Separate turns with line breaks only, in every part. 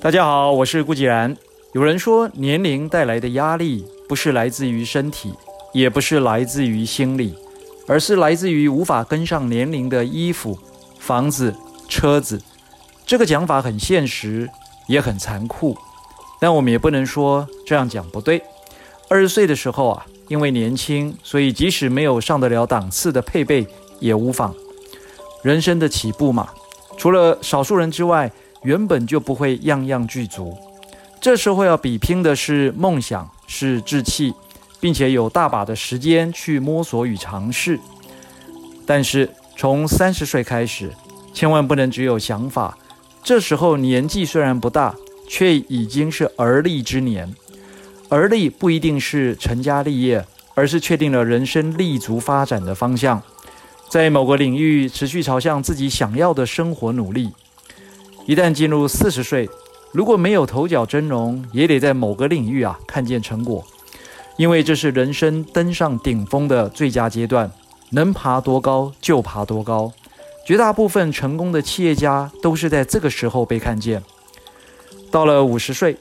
大家好，我是顧繼然。有人說，年齡帶來的壓力不是來自於身體，也不是來自於心理，而是來自於無法跟上年齡的衣服、房子、車子。這個講法很現實，也很殘酷。但我們也不能說這樣講不對。二十歲的時候啊，因為年輕，所以即使沒有上得了檔次的配備，也無妨。人生的起步嘛，除了少數人之外，原本就不會樣樣具足。這時候要比拼的是夢想，是志氣，並且有大把的時間去摸索與嘗試。但是從三十歲開始，千萬不能只有想法。這時候年紀雖然不大，卻已經是而立之年。而立不一定是成家立業，而是確定了人生立足發展的方向。在某個領域持續朝向自己想要的生活努力。一旦進入四十歲，如果沒有頭角崢嶸，也得在某個領域啊看見成果。因為這是人生登上頂峰的最佳階段，能爬多高就爬多高。絕大部分成功的企業家都是在這個時候被看見。到了五十歲，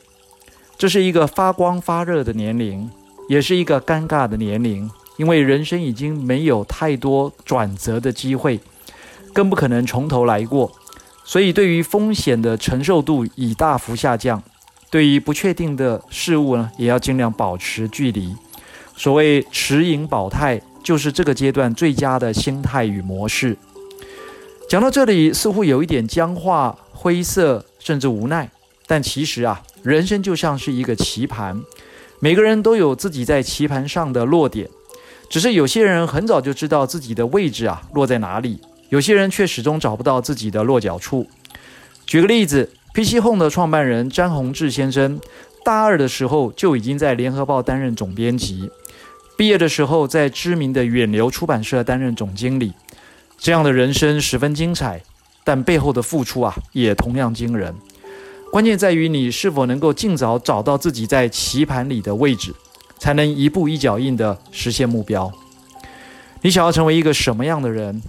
這是一個發光發熱的年齡，也是一個尷尬的年齡。因為人生已經沒有太多轉折的機會，更不可能從頭來過，所以對於風險的承受度已大幅下降，對於不確定的事物呢，也要盡量保持距離。所謂持盈保泰，就是這個階段最佳的心態與模式。講到這裡，似乎有一點僵化、灰色，甚至無奈，但其實啊，人生就像是一個棋盤，每個人都有自己在棋盤上的落點。只是有些人很早就知道自己的位置啊落在哪裡，有些人卻始終找不到自己的落腳處。舉個例子，PC Home 的創辦人詹宏志先生，大二的時候就已經在《聯合報》擔任總編輯，畢業的時候在知名的遠流出版社擔任總經理，這樣的人生十分精彩，但背後的付出啊也同樣驚人。關鍵在於你是否能夠盡早找到自己在棋盤裡的位置。才能一步一腳印地實現目標。你想要成為一個什麼樣的人？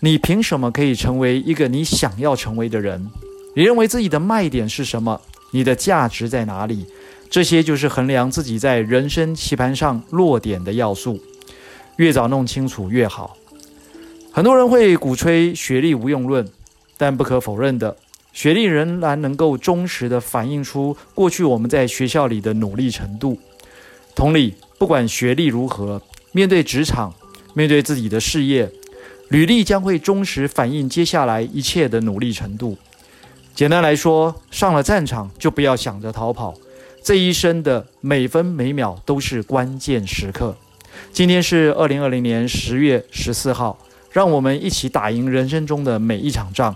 你憑什麼可以成為一個你想要成為的人？你認為自己的賣點是什麼？你的價值在哪裡？這些就是衡量自己在人生棋盤上落點的要素。越早弄清楚越好。很多人會鼓吹學歷無用論，但不可否認的，學歷仍然能夠忠實地反映出過去我們在學校裡的努力程度。同理，不管學歷如何，面對職場，面對自己的事業，履歷將會忠實反映接下來一切的努力程度。簡單來說，上了戰場就不要想着逃跑，這一生的每分每秒都是關鍵時刻。今天是二零二零年十月十四號，讓我們一起打贏人生中的每一場仗。